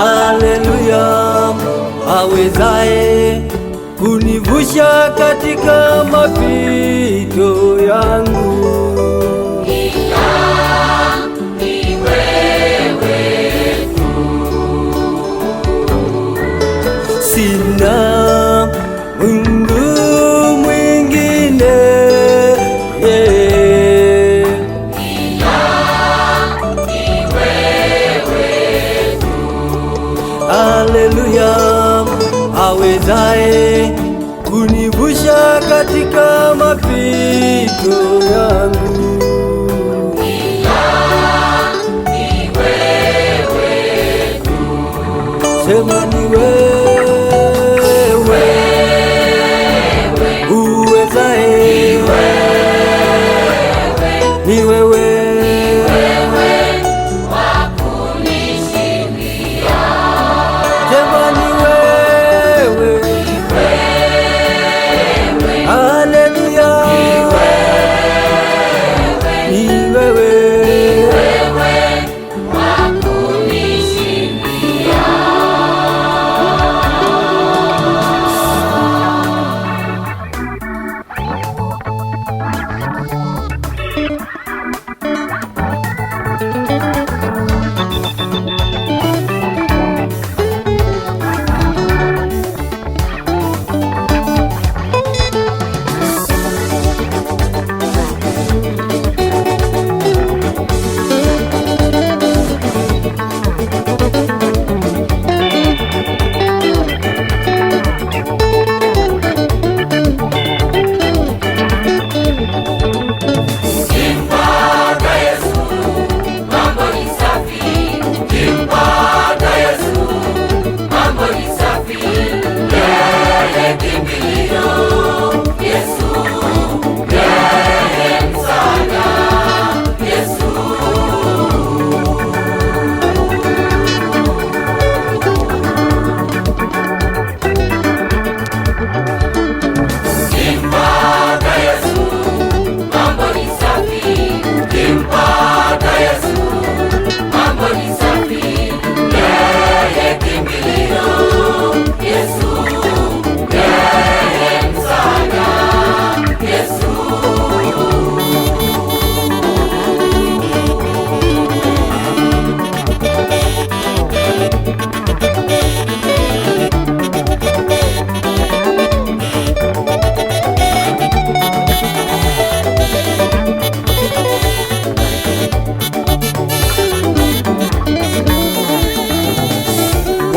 Haleluya, awezaye kunivusha katika mapito yangu sina Haleluya! awezaye kunivusha katika mapito yangu Sema ni wewe devani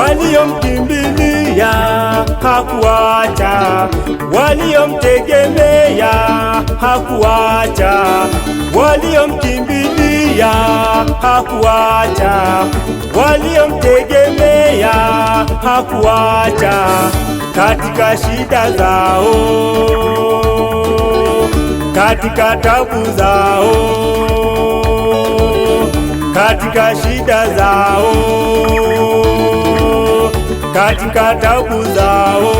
waliomkimbilia hakuwacha waliomtegemea hakuwacha waliomkimbilia hakuwacha waliomtegemea hakuwacha katika shida zao, katika tabu zao, katika shida zao katika taubu zao